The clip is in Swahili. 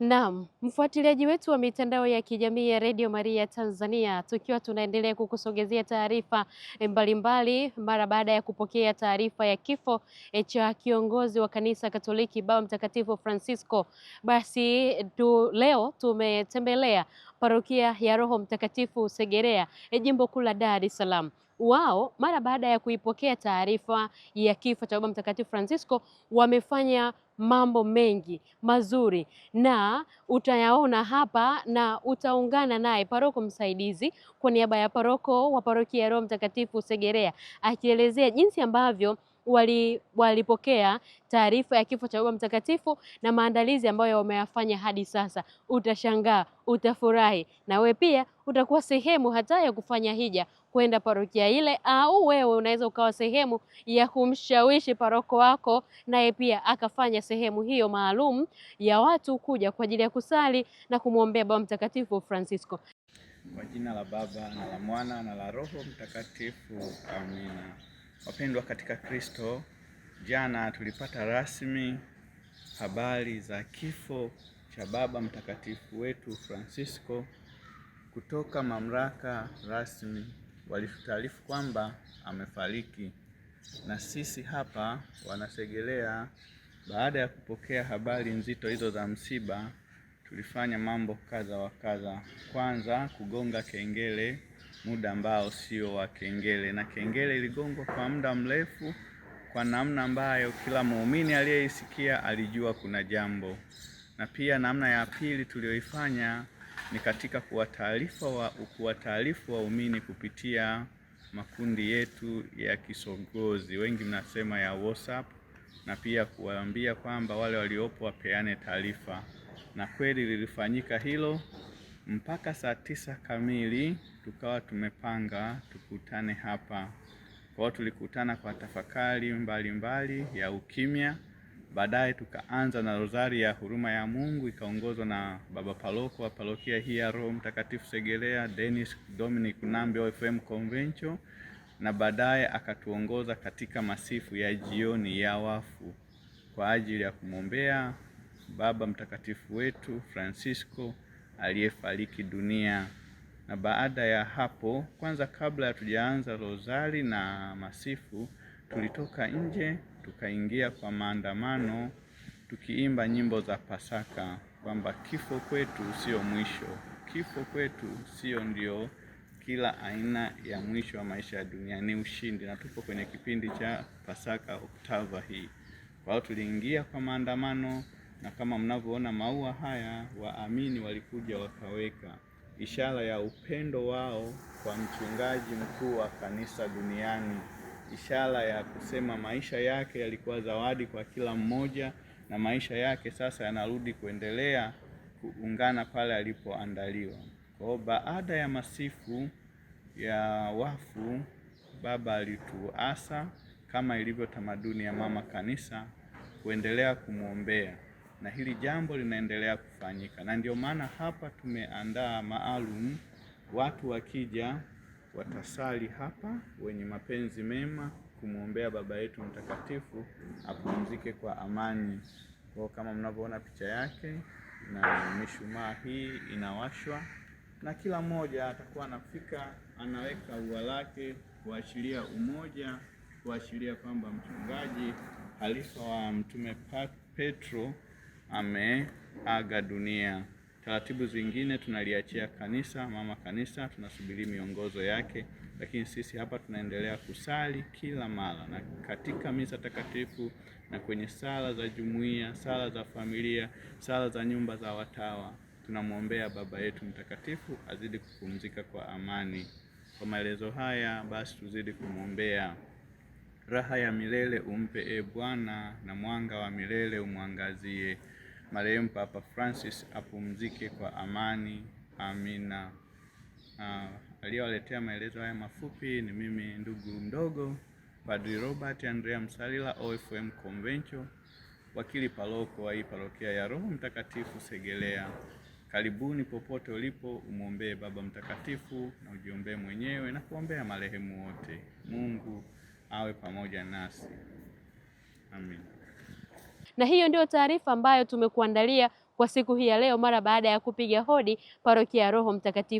Naam, mfuatiliaji wetu wa mitandao ya kijamii ya Radio Maria Tanzania, tukiwa tunaendelea kukusogezea taarifa eh, mbalimbali mara baada ya kupokea taarifa ya kifo eh, cha kiongozi wa kanisa Katoliki Baba Mtakatifu Francisco, basi tu leo tumetembelea parokia ya Roho Mtakatifu Segerea ya e jimbo kuu la Dar es Salaam. Wao mara baada ya kuipokea taarifa ya kifo cha Baba Mtakatifu Francisco wamefanya mambo mengi mazuri na utayaona hapa na utaungana naye paroko msaidizi kwa niaba ya paroko wa parokia ya Roho Mtakatifu Segerea akielezea jinsi ambavyo wali, walipokea taarifa ya kifo cha Baba Mtakatifu na maandalizi ambayo wameyafanya hadi sasa. Utashangaa, utafurahi na we pia utakuwa sehemu hata ya kufanya hija kwenda parokia ile, au wewe unaweza ukawa sehemu ya kumshawishi paroko wako naye pia akafanya sehemu hiyo maalum ya watu kuja kwa ajili ya kusali na kumwombea Baba Mtakatifu Francisco. Kwa jina la Baba na la Mwana na la Roho Mtakatifu, amina. Wapendwa katika Kristo, jana tulipata rasmi habari za kifo cha Baba Mtakatifu wetu Francisco kutoka mamlaka rasmi, walitutaarifu kwamba amefariki, na sisi hapa Wanasegerea, baada ya kupokea habari nzito hizo za msiba, tulifanya mambo kadha wa kadha. Kwanza kugonga kengele muda ambao sio wa kengele, na kengele iligongwa kwa muda mrefu, kwa namna ambayo kila muumini aliyeisikia alijua kuna jambo. Na pia namna ya pili tuliyoifanya ni katika kuwataarifa wa kuwataarifu waumini kupitia makundi yetu ya kisongozi, wengi mnasema ya WhatsApp, na pia kuwaambia kwamba wale waliopo wapeane taarifa, na kweli lilifanyika hilo mpaka saa tisa kamili tukawa tumepanga tukutane hapa. Kwa hiyo tulikutana kwa tafakari mbalimbali mbali ya ukimya, baadaye tukaanza na rozari ya huruma ya Mungu ikaongozwa na baba paroko wa parokia hii ya Roho Mtakatifu Segerea, Dennis Dominic Nambi OFM Convention, na baadaye akatuongoza katika masifu ya jioni ya wafu kwa ajili ya kumwombea baba mtakatifu wetu Francisco aliyefariki dunia. Na baada ya hapo, kwanza kabla hatujaanza rozari na masifu, tulitoka nje tukaingia kwa maandamano tukiimba nyimbo za Pasaka kwamba kifo kwetu sio mwisho, kifo kwetu sio ndio kila aina ya mwisho wa maisha ya dunia, ni ushindi. Na tupo kwenye kipindi cha Pasaka, Oktava hii. Kwa hiyo tuliingia kwa maandamano na kama mnavyoona maua haya waamini walikuja wakaweka ishara ya upendo wao kwa mchungaji mkuu wa kanisa duniani, ishara ya kusema maisha yake yalikuwa zawadi kwa kila mmoja, na maisha yake sasa yanarudi kuendelea kuungana pale alipoandaliwa. Kwa baada ya masifu ya wafu, baba alituasa kama ilivyo tamaduni ya mama kanisa kuendelea kumwombea na hili jambo linaendelea kufanyika, na ndio maana hapa tumeandaa maalum, watu wakija watasali hapa, wenye mapenzi mema kumwombea baba yetu mtakatifu apumzike kwa amani. Kwa kama mnavyoona picha yake na mishumaa hii inawashwa, na kila mmoja atakuwa anafika anaweka ua lake kuashiria umoja, kuashiria kwamba mchungaji halifa wa Mtume Petro ameaga dunia. Taratibu zingine tunaliachia kanisa, mama kanisa, tunasubiri miongozo yake, lakini sisi hapa tunaendelea kusali kila mara na katika misa takatifu na kwenye sala za jumuiya, sala za familia, sala za nyumba za watawa. Tunamwombea baba yetu mtakatifu azidi kupumzika kwa amani. Kwa maelezo haya basi, tuzidi kumwombea. Raha ya milele umpe, e Bwana, na mwanga wa milele umwangazie marehemu Papa Francis apumzike kwa amani. Amina. Uh, aliyowaletea maelezo haya mafupi ni mimi ndugu mdogo Padri Robert Andrea Msalila, OFM Convention, wakili paroko wa hii parokia ya Roho Mtakatifu Segerea. Karibuni popote ulipo, umwombee Baba Mtakatifu na ujiombee mwenyewe na kuombea marehemu wote. Mungu awe pamoja nasi. Amina. Na hiyo ndio taarifa ambayo tumekuandalia kwa siku hii ya leo, mara baada ya kupiga hodi parokia ya Roho Mtakatifu